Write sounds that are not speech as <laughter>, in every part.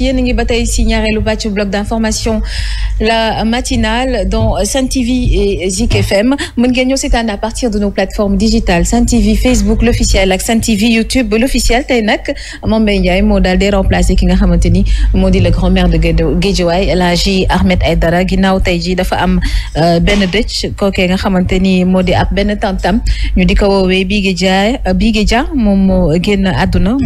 yéen a ngi ba tey si ñaareelu bàccu bloc d'information la matinale dans Sen TV et Zik FM mën ngeen ñoo seetaan à partir de nos plateformes digitales Sen TV Facebook l'officiel ak Sen TV YouTube l'officiel tey nag Mame Mbaye nga xamante ni de Guédiawaye El euh, nga xamante ni moo di ab benn tantam ñu di ko woowee Bigué Dia Bigué Dia moom moo génn àdduna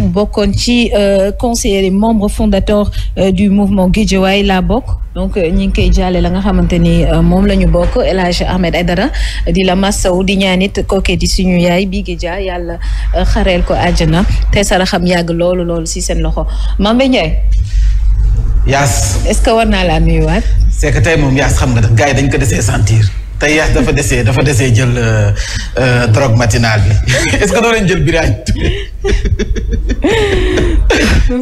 ci euh, conseiller membre fondateur coordinateur euh, du mouvement Guédiawaye laa bokk donc euh, ñi ngi koy jàlle la nga xamante ni euh, moom la ñu bokk El Hadj Ahmed Aidara di la massaw di ñaanit kooke di suñu yaay bii Guédia yàlla xareel ko àjjana te sara xam yàgg loolu loolu si seen loxo Mame Ndiaye yaas est-ce que war naa laa nuyuwaat c'est que tey moom yaas xam nga def gars yi dañ ko desee sentir te yeex dafa desee dafa desee jël euh, euh, drogue matinale bi <laughs> est-ce que doo leen jël biraaj <laughs>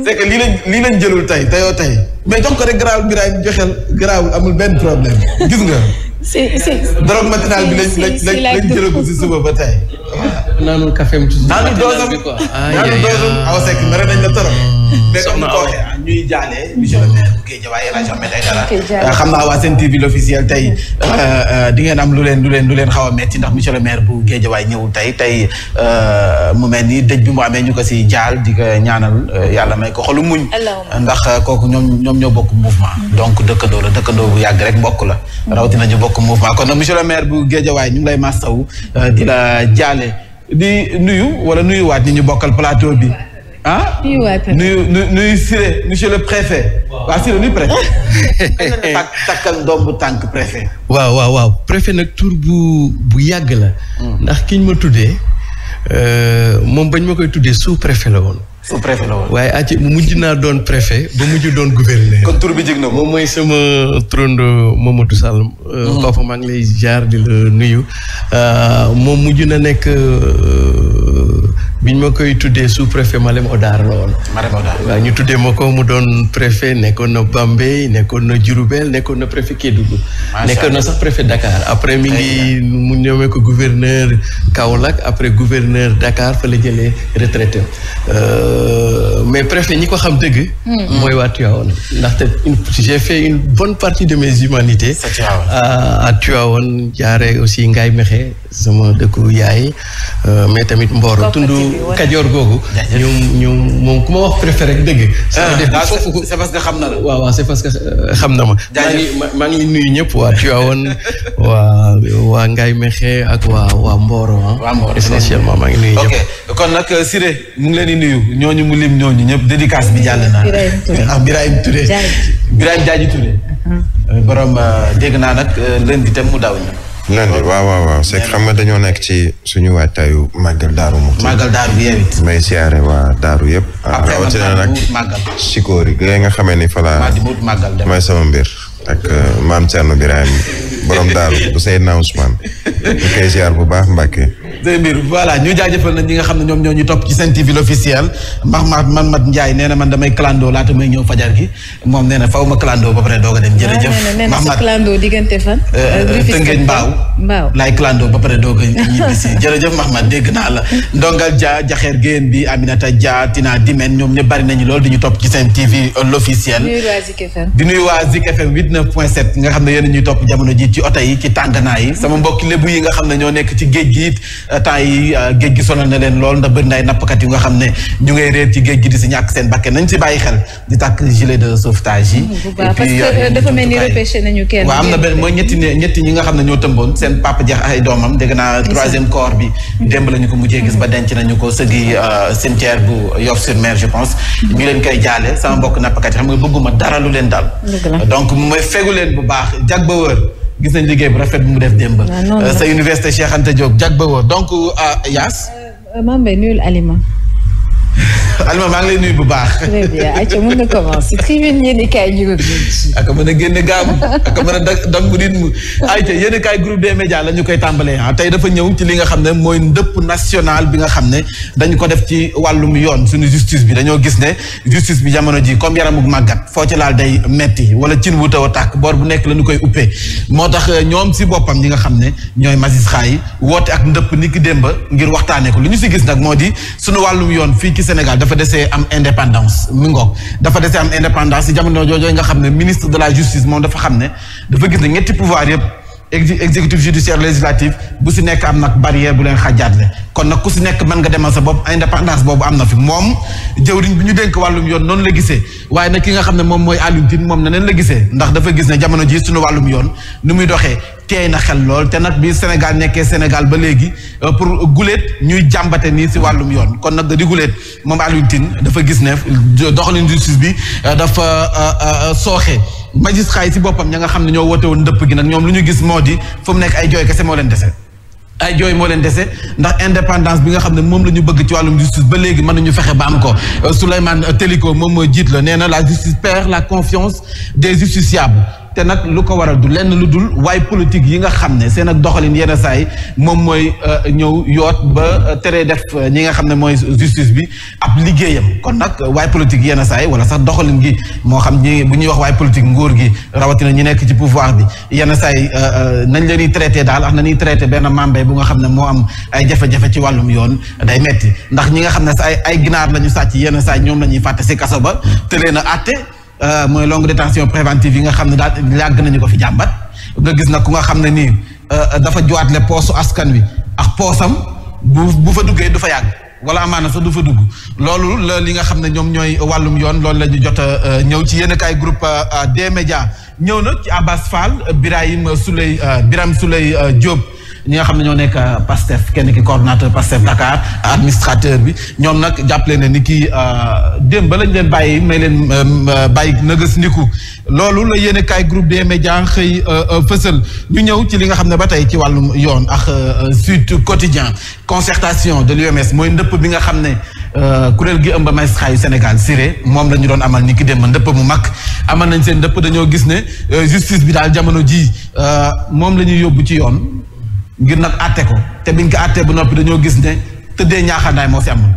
c'est que lii lañ lii lañ jëlul tey teyoo tey mais jox ko rek garaawul biraaj joxel garaawul amul benn problème gis nga. si si drogue matinale bi lañ lañ lañ jëlagul si suba ba tey. naanul café am ci suuf. naanul doosam naanul doosam aw sekk mere nañ la torop. Hmm. mais comme ni ko waxee ah, ñuy jaale monsieur le maire Guédiawaye El Hadj Ahmed Aïdara euh, xam naa waa Sen TV l'officiel tey euh, euh, di ngeen am lu leen lu leen lu leen xaw a metti ndax monsieur le maire bu Guédiawaye ñëwul tey tey mu mel ni dëj bi mu amee ñu ko si jaal di ko ñaanal yàlla may ko xolu muñ ndax kooku ñoom ñoom ñoo bokk mouvement hmm. donc dëkkandoo la dëkkandoo bu yàgg rek bokk la hmm. rawatina ñu bokk mouvement kon nag monsieur le maire bu Guédiawaye ñu ngi lay mastaw di la jaale di nuyu wala nuyuwaat ñi ñu bokkal plateau bi ah. nuyu nuyu Siré monsieur le préfet. waaw Siré nuyu préfet. <laughs> takkal ndomb tànk préfet. waaw waaw waaw préfet nag tour bu bu yàgg la. Mm. ndax ki ñu ma tuddee euh, moom bañ ma koy tuddee sous préfet la woon. sous la waaye àcc mujj naa doon préfet ba mujj doon gouverneur. kon tur bi jig na moom mooy sama turandoo Mamadou Sall. Euh, mm-hmm. Papa maa ngi lay jaar di la nuyu. Euh, moom mujj na nekk. Euh, biñ ma koy tuddee sous préfet Malem Odar la woon. Malem Odar ñu tuddee ma ko mu doon préfet nekkoon na Bambey nekkoon na Diourbel nekkoon na préfet Kédougou. nekkoon na sax préfet Dakar après mi ngi mu ñoomee ko gouverneur Kaolack après gouverneur Dakar fa la jëlee retraité euh, mais préfet ñi ko xam dëgg. Hmm. mooy waa Tivaouane ndaxte une j'ai fait une bonne partie de mes humanités. à Tivaouane jaaree aussi ngay mexe sama dëkku yaay euh, mais tamit Mboro tundu. kajoor googu. ñoom ñoom moom ku ma wax préféré dëgg. ah, ah c'est parce que xam na la. waaw waaw c'est parce que euh, xam na ma. jaajëf maa ngi maa ngi nuyu ñëpp waa Tivaouane <laughs> waa waa Ngaye Mekhe ak waa waa Mboro ah. maa ngi nuyu ñëpp. kon nag euh, Siré mu ngi leen di nuyu ñooñu mu lim ñooñu ñëpp dédicace bi jàll naa. ah Birahim Touré Birahim Diadji Touré. Uh-huh. Euh, borom dégg naa nag lundi itam mu daaw ñu. nandi waaw waaw waaw c'est xam nga dañoo nekk ci suñu waajtaayu màggal daaru mu màggal daaru bi yow it may waa daaru yëpp ah, rawatina nag sikóor yi nga xamee ni fa laa may sama mbir ak euh, maam Cerno Birahim borom daaru bu Seydina Ousmane ñu koy ziar bu baax Mbàkke seen mbir voilà ñu jaajëfal nag ñi nga xam ne ñoom ñoo ñu topp ci seen TV l'officiel Mahmat Mahmat Ndiaye nee na man damay clando laata may ñëw fajar gi moom nee na faw ma clando ba pare doog a dem jërëjëf ah, Mahmat clando diggante fan euh, euh, euh, tëngeen mbaaw mbaaw laay clando ba pare doog a ñibbisi <laughs> jërëjëf Mahmat dégg naa la ndongal Dia jaxeer géen bi Aminata Dia Tina Dimen ñoom ñëpp bari nañu lool di ñu topp ci seen TV l'officiel di nuyu waa Zik FM 89 point 7 nga xam ne yéen ñuy topp jamono ji ci oto yi ci tànganaa yi sama mbokki lébu yi nga xam ne ñoo nekk ci géej gi it euh, temps yi euh, géej gi sonal na leen lool ndax bëri na ay nappkat yu nga xam ne ñu ngay réer ci géej gi di si ñàkk seen bakke nañ si bàyyi xel di tàkk gilet de sauvetage yi mm, et puis euh, dafa mel am na benn mooy ñetti ne ñetti ñi nga xam ne ñoo tëmboon seen papa jeex ay doomam dégg naa troisième corps bi démb lañu ko mujjee gis ba denc nañu ko sëgi cimetière bu Yoff sur Mer je pense mm-hmm. ñu leen koy jaale sama mbokk nappkat yi xam nga bëgguma dara lu leen dal donc mooy fegu leen bu baax jag ba wër gis nañ liggéey bu rafet bu mu def démb. Ah, euh, sa université Cheikh Anta Diop jag ba woon donc euh, Yaas. Euh, Mame Mbaye nuyul Alima. <laughs> Alma maa ngi lay nuyu bu baax. très bien ayca mën na commencer tribune yéen i kaay ak mën a génne gaamu ak mën a dangu nit mu ayca yéen i kaay groupe des médias la ñu koy tàmbalee ah tey dafa ñëw ci li nga xam ne mooy ndëpp national bi nga xam ne dañu ko def ci wàllum yoon suñu justice bi dañoo gis ne justice bi jamono ji comme yaramuk màggat foo ci laal day metti wala cin wu taw a tàkk boor bu nekk lañu koy uppee moo tax euh, ñoom si boppam ñi nga xam ne ñooy magistrat yi woote ak ndëpp niki démba ngir waxtaanee ko li ñu si gis nag moo di suñu wàllum yoon fii ci Sénégal dafa desee am indépendance mi ngoog dafa desee am indépendance si jamono jooju nga xam ne ministre de la justice moom dafa xam ne dafa gis ne ñetti pouvoir yëpp exécutif judiciaire législatif bu si nekk am nag barrière bu leen xajaatle kon nag ku si nekk mën nga demal sa bopp indépendance boobu am na fi moom jëwriñ bi ñu denk wàllum yoon noonu la gisee waaye nag ki nga xam ne moom mooy Alioune Tine moom neneen la gisee ndax dafa gis ne jamono ji suñu wàllum yoon ni muy doxee teey na xel lool te nag bi Sénégal nekkee Sénégal ba léegi euh, pour guléet ñuy jàmbate nii si wàllum yoon kon nag di guléet moom Alioune Tine dafa gis ne doxalin justice bi euh, dafa euh, sooxe magistrat yi ci boppam ña nga xam ne ñoo woote woon ndëpp gi nag ñoom lu ñu gis moo di fu mu nekk ay jooy kese moo leen dese ay jooy moo leen dese ndax indépendance bi nga xam ne moom la ñu bëgg ci wàllum justice ba léegi nañu fexe ba am ko euh, Souleymane Teliko moom mooy jiit la nee na la justice perd la confiance des justiciables te nag lu ko waral du lenn lu dul waaye politique yi nga xam ne seen ak doxalin yenn saay moom mooy euh, ñëw yoot ba euh, teree def euh, ñi nga xam ne mooy justice bi ab liggéeyam kon nag waaye politique yenn saa wala sax doxalin gi moo xam ñi bu ñuy wax waaye politique nguur gi rawatina ñu nekk ci pouvoir bi yenn saa yi nañ leen di traité daal ak nañuy traité benn membre bu nga xam ne moo am ay jafe-jafe ci wàllum yoon day metti ndax ñi nga xam ne sa ay ay ginaar la ñu sàcc yenn saa ñoom la ñuy fàtte si kaso ba te leen a àtte Euh, mooy longue détention préventive yi nga xam ne daal yàgg nañu ko fi jàmbat nga gis nag ku nga xam ne nii euh, dafa joaatle poosu askan wi ak poosam bu bu fa duggee du fa yàgg wala amaana sax du fa dugg loolu la li nga xam ne ñoom ñooy wàllum yoon loolu la jot euh, ñëw ci yenn kaay groupe des médias ñëw na ci Abbas Fall Birahim Souley Biram Souley Diop ñi nga xam ne ñoo nekk euh, PASTEF kenn ki coordonnateur PASTEF Dakar administrateur bi ñoom nag jàppale ne ni kii euh, démb ba lañ leen bàyyi may leen euh, bàyyi nëgës ndiku loolu la yéene kaay groupe des médias xëy fësal ñu ñëw ci li nga xam ne ba tey ci wàllum yoon ak Sud Quotidien concertation de l'UMS mooy ndëpp bi nga xam ne kuréel gi ëmb magistrat yu Sénégal siré moom la ñu doon amal ni ki dem ndëpp mu mag amal nañ seen ndëpp dañoo gis ne justice bi daal jamono ji moom la ñuy yóbbu ci yoon ngir nag àtte ko te biñ ko àttee bu noppi dañoo gis ne tëddee ñaaxandaay moo fi amul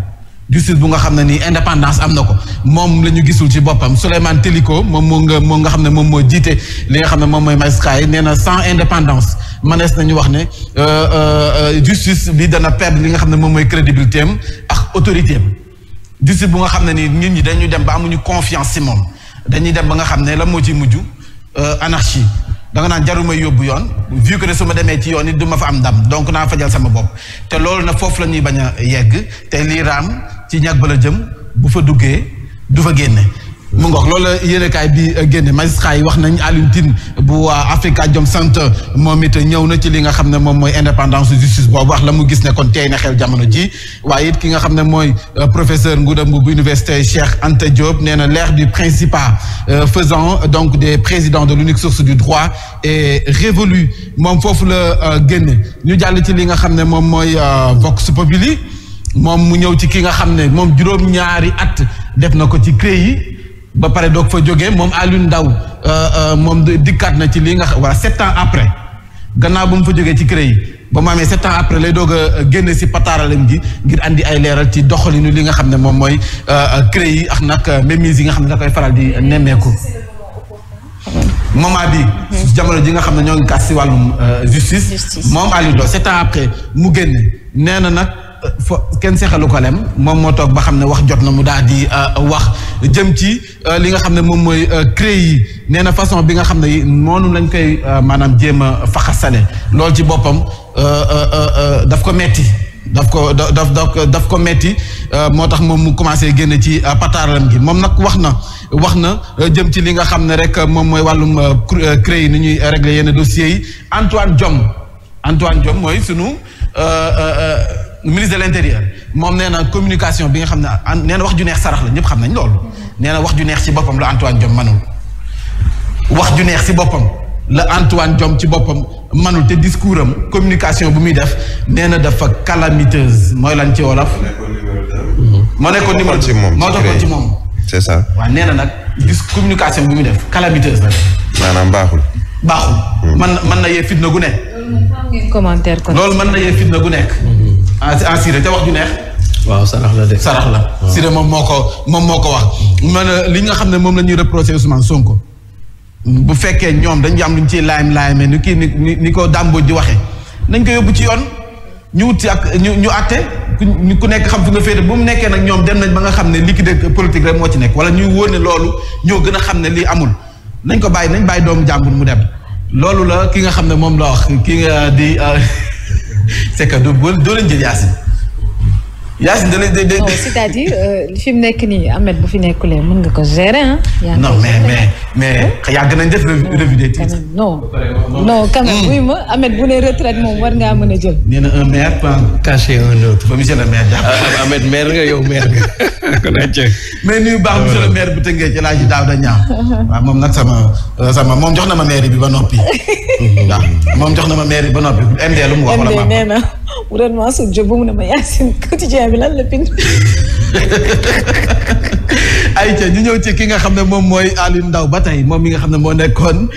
justice bu nga xam ne nii indépendance am na ko moom la ñu gisul ci boppam Souleymane Teliko moom moom nga moo nga xam ne moom moo jiite li nga xam ne moom mooy magistrat yi nee na sans indépendance mënees nañu wax ne euh, euh, justice bi dana perdre li nga xam ne moom mooy crédibilité am ak autorité am justice bu nga xam ne nii nit ñi dañuy dem ba amuñu confiance ci moom dañuy dem ba nga xam ne la moo ciy mujj euh, anarchie da naan jarul yóbbu yoon vu que su ma demee ci yoon it du ma fa am ndam donc naa fajal sama bopp te loolu na foofu la ñuy bañ a yegg te lii raam ci ñàkk bala jëm bu fa duggee du fa génne mu ngox loolu yéenekaay bi génne magistrat yi wax nañ Alioune Tine bu Africa Jom Center moom it ñëw na ci li nga xam ne moom mooy indépendance justice boobu wax la mu gis ne kon tey na xel jamono ji waaye it ki nga xam ne mooy euh, professeur Ngouda Mboup bu université Cheikh ante Diop nee na l'ère du principat euh, faisant euh, donc des présidents de l'unique source du droit est révolue moom foofu la génne ñu jàll ci li nga xam ne moom mooy Vox Populi moom mu ñëw ci ki nga xam ne moom juróom at def na ko ci CREI yi ba pare doog fa jóge moom Alioune Ndao euh, euh, moom dikkaat na ci lii nga xam voilà sept après gannaaw bu mu fa jógee ci CREI yi ba mu amee sept après lay doog a euh, génne si pataaralem gi ngir andi ay leeral ci doxalinu li nga xam ne moom mooy CREI ak nag mémise yi nga xam ne da faral di nemmeeku. moment bi jamono ji nga xam ne ñoo ngi kaas si wàllum justice moom Aliou Ndo sept après mu génne nee na nag foo kenn seexalu ko lem moom moo toog ba xam ne wax jot na mu daal di wax jëm ci Euh, li nga xam ne moom mooy euh, créé yi nee na façon bi nga xam ne noonu lañ koy euh, maanaam jéem a faxasale loolu ci boppam daf ko metti daf ko da daf daf ko metti moo tax moom mu commencé génn ci pataaram gi moom nag wax na wax na jëm ci li nga xam ne rek moom mooy wàllum CREI yi ni ñuy régler yenn dossiers yi Antoine Diome Antoine Diome mooy sunu ministre de l'intérieur moom nee na communication bi nga xam ne nee na wax ju neex sarax la ñëpp xam nañ loolu. nee na wax ju neex ci boppam la Antoine Diome manul wax ju neex ci boppam la Antoine Diome ci boppam manul te discours am communication bu muy def nee na dafa calamiteuse mooy lan ci wolof. moo nekkoon ni ci moom moo nekkoon ci moom. c'est ça waaw nee na nag dis communication bu muy def calamiteuse la baaxul. baaxul hmm. man mën na yee fitna gu nekk. loolu mën na yee fitna gu nekk. Hmm. en te wax ju neex. waaw sarax la de sarax la. si de moom moo ko moom moo ko wax. man li nga xam ne moom la ñuy reproché Ousmane Sonko. bu fekkee ñoom dañu am lu ñu ciy laayam laayamee ni kii ni ni ko Dambou di waxee. nañ ko yóbbu ci yoon ñu wut ak ñu ñu àtte ku nekk xam fi nga féete bu mu nekkee ñoom dem nañ ba nga xam ne liquide politique rek moo ci nekk wala ñuy wóor loolu ñoo gën a xam ne lii amul. nañ ko bàyyi nañ bàyyi doomu jàmbur mu dem loolu la ki nga xam ne moom la wax ki nga di euh, <laughs> c'est que du du leen jël yaasin Yacine da lay day day. non c'est-à-dire euh, nekk nii Ahmed bu fi nekkulee mën nga ko gérer ah. non mais mais mais yàgg nañ def revue des titres. non non quand même buy hmm. ma Ahmed bu ne retraite moom war ngaa mën a jël. nee na un maire peut cacher un autre. ba monsieur le maire jàpp. Ah, ah, Ahmed maire nga yow maire nga. <laughs> kon nag ceeb. baax monsieur le maire bu tënkee ci daaw da ñaaw. waaw moom nag sama euh, sama moom jox na ma maire bi ba noppi. <laughs> waaw moom jox na ma maire bi ba noppi MD lu mu wax wala ma. ren Mansour Diop ba mu ne ma Yacine quotidien bi lan la <laughs> bind. ayca ñu ñëw ci ki nga xam ne moom eh, eh, eh, mooy Aliou Ndao ba tey moom mi nga xam ne moo nekkoon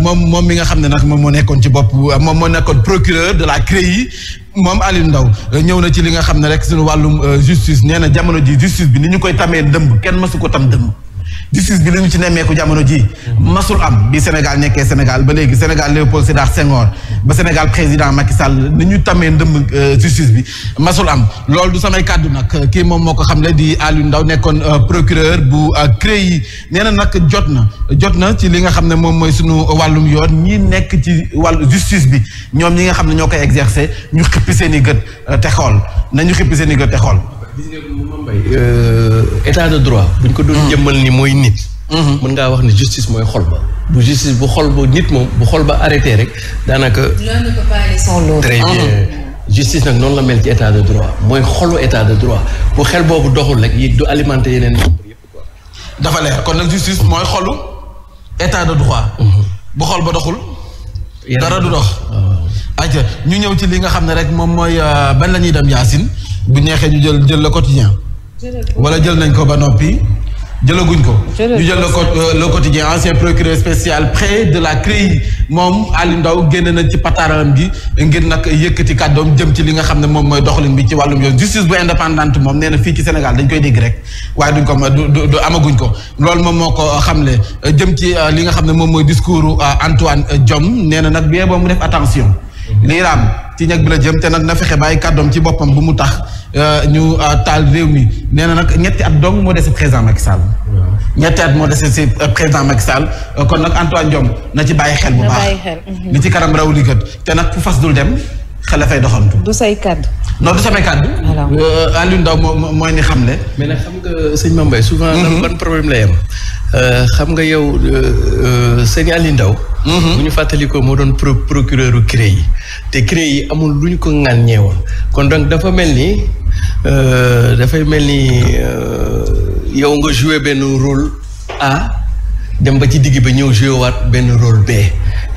moom moom mi nga xam ne nag moom moo nekkoon ci bopp moom moo nekkoon procureur de la CREI moom Aliou Ndao ñëw na ci li nga xam ne rek suñu wàllu justice nee na jamono ji justice bi ni ñu koy tamee dëmb kenn masu ko tam dëmb. justice bi li ci nemmeeku jamono ji masul am bi Sénégal nekkee Sénégal ba léegi Sénégal Léopold Sédar Senghor ba Sénégal président Macky Sall ni ñu tamee ndëmb euh, justice bi masul am loolu du samay kàddu nag kii moom moo ko xam le di Aliou ndaw nekkoon euh, procureur bu euh, CREI nee na nag jot na jot na ci li nga xam ne moom mooy suñu wàllum yoon ñi nekk ci wàllu justice bi ñoom ñi nga xam ne ñoo koy exercer ñu xippi seen i gët te xool ñu xippi seen i gët te xool état de droit buñ ko doon hmm. jëmmal ni mooy nit Mm-hmm. mën ngaa wax ne justice mooy xol ba bu justice bu xol ba nit moom bu xol ba arrêté rek daanaka. l'un ne peut pas aller justice nag noonu la mel ci état de droit mooy xolu état de droit bu xel boobu doxul rek yi du alimenter yeneen yëpp quoi. dafa kon nag justice mooy xolu état de droit. Mm-hmm. bu xol ba doxul. dara du dox. ayca ah. ñu ñëw ci li nga xam ne rek moom mooy euh, ban la ñuy dem Yacine bu ñeexee ñu jël jël le quotidien wala jël nañ ko ba noppi. jëlaguñ ko ñu jël euh, le quotidien ancien procureur spécial près de la CREI moom Aliou Ndao génn na ci pataaram gi ngir nag yëkkati kàddoom jëm ci li nga xam ne moom mooy doxalin bi ci wàllum yoon justice bu indépendante moom nee na fii ci dañ koy dégg rek waaye duñ ko du amaguñ ko loolu moom moo ko xamle jëm ci euh, li nga xam ne moom mooy discours euh, Antoine jom nee na nag bie boo mu def attention mm-hmm. lii raam ci ñag bi la jëm te nag na fexe bàyyi kàddoom ci boppam bu mu tax Euh, ñu euh, taal réew mi nee na nag ñetti at dong moo dese président Macky Sall. ñetti at moo dese si euh, président Macky Sall kon nag Antoine Diome na ci bàyyi xel bu baax. Mhm. li ci kanam raw li gët te nag fu fas dul dem xel dafay doxantu. du say kaddu. non du samay kaddu. alors Aliou moo mooy ni xamle. mais nag xam nga sëñ Mambay souvent. Mhm. ban problème lay am. xam nga yow sëñ Aliou Ndao mhm. bu ñu fàttalikoo moo doon procureur u CREI yi te CREI yi amul lu ñu ko ŋàññeewoon kon donc dafa mel ni. Euh, dafay mel ni euh, yow nga joué benn rôle A dem ba ci digg ba ñëw joué waat benn rôle B.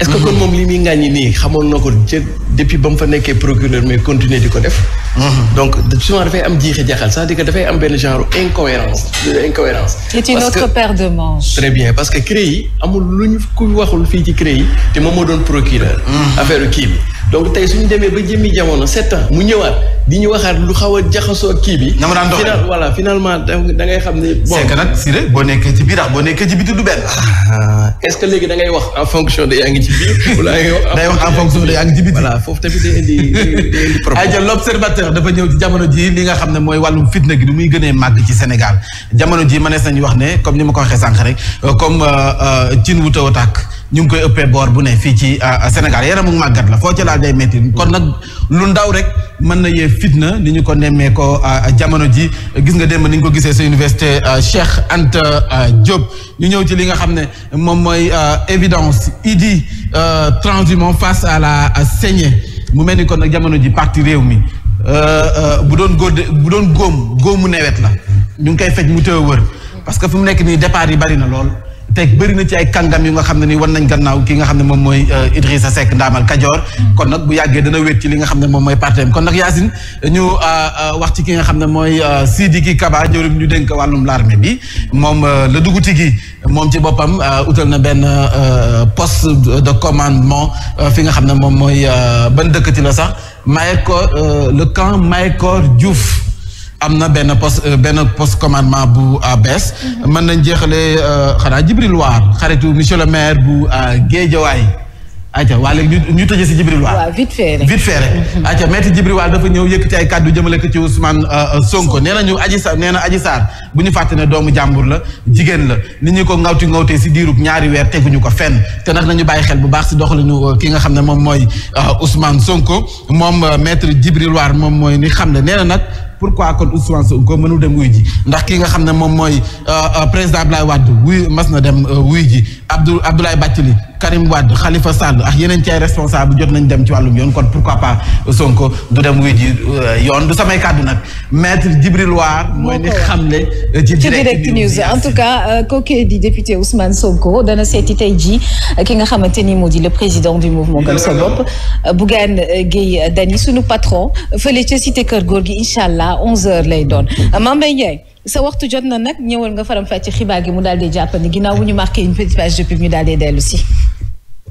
est-ce que kon mhm. moom li muy ŋàññi nii xamoon na ko depuis ba mu fa nekkee procureur mais continuer di ko def. Mhm. donc souvent dafay am jiixi jaxal cest di que dafay am benn genre incohérence euh, incohérence c'est bien parce que yi amul lu ñu ku waxul fii ci CREI te moom moo doon procureur. Mhm. affaire kii donc tey suñu demee ba jëmmi jamono sept mu ñëwaat di ñu waxaat lu xaw a jaxasoo kii bi. na ma daan doxee voilà finalement da ngay xam ne. bon c'est que nag si boo nekkee ci biirax ah boo nekkee ci biti du benn. Ah, est-ce que léegi da wax fonction de ngi ci biir. wala ngay wax en fonction de yaa <laughs> ci biti. voilà foofu tamit day indi day indi problème. ayca l'observateur dafa ñëw ci jamono ji li nga xam ne mooy wàllum fitna gi du muy gënee màgg ci Sénégal jamono ji mënees nañu wax ne comme ni ma ko waxee sànq rek euh, comme euh, euh, cin wu taw a tàkk ñu ngi koy ëppee boor bu ne fii ci euh, euh, Sénégal yaramu màggat la foo ca laal day métti mm. kon nag lu ndaw rek mën na yee fitna ni ñu ko nemmee ko euh, jamono ji gis nga dem ni ñu ko gisee sa université Cheikh Anta Diop ñu ñëw ci li nga xam ne moom mooy évidence idi transhumance face à la saignée mu mel ni kon nag jamono ji parti réew mi bu doon góode bu doon góom góomu nawet la ñu ngi koy fej mu tëw wër parce que fu mu nekk nii départ yi bari na lool teg bëri na ci ay kàngam yu nga xam ne ni wan nañ gannaaw ki nga xam ne moom mooy euh, a Seck Ndaamal Kajoor kon nag bu yàggee dana wéet ci li nga xam ne moom mooy partem kon nag Yacine ñu euh, euh, wax ci ki nga xam ne mooy Sidiki Kaba jëwriñ ñu dénk wàllum l'armée bi moom la duguti gi moom ci boppam utal na benn poste de commandement fi nga xam ne moom mooy ban dëkkati la sax Mayakor le camp Mayakor Diouf am na benn poste euh, benn poste commandement bu euh, bees mhm. mën nañ jeexale euh, xanaa Jibril Waar xaritu monsieur le maire bu Guédiawaye acca waa léegi ñu ñu tëjee si Jibril Waar. waaw vite fait rek vite fait rek. Mhm. acca maître Jibril Waar dafa ñëw yëkkati ay kàddu jëmale ko ci Ousmane Sonko nee na ñu Adji Sarr nee na Adji Sarr bu ñu fàtte ne doomu jàmbur la jigéen la ni ñu ko ngawti ngawtee si diirub ñaari weer teguñu ko fenn te nag nañu bàyyi xel bu baax si dox doxalinu ki nga xam ne moom mooy Ousmane Sonko moom maître Jibril Waar moom mooy ni xam ne nee na nag. pourquoi kon Ousmane Sonko mënul dem wuy ji ndax ki nga xam ne moom mooy euh, euh, président Abdoulaye Wade wuy mas na dem euh, wuy ji Abdou bàcc li Karim Wade Khalifa Sall ak yeneen ci ay responsable jot nañ dem ci wàllum yoon kon pourquoi pas Sonko du dem wuy ji euh, yoon du samay kàddu nag maître Djibril War mooy ni xamle euh, ci direct news en tout cas euh, kooku di député Ousmane Sonko dana seeti tey ji ki nga xamante ni moo di le président du mouvement Gëm Sa Bopp Bougane Gueye Dany sunu patron fële ca cité Kër Góor gi incha allah 11h lay doon Mame Mbaye Ndiaye sa waxtu jot na nag ñëwal nga faram fàcc xibaar gi mu daal di jàppandi ginnaaw bu ñu marqué une petite page de pub ñu daal di dellu si.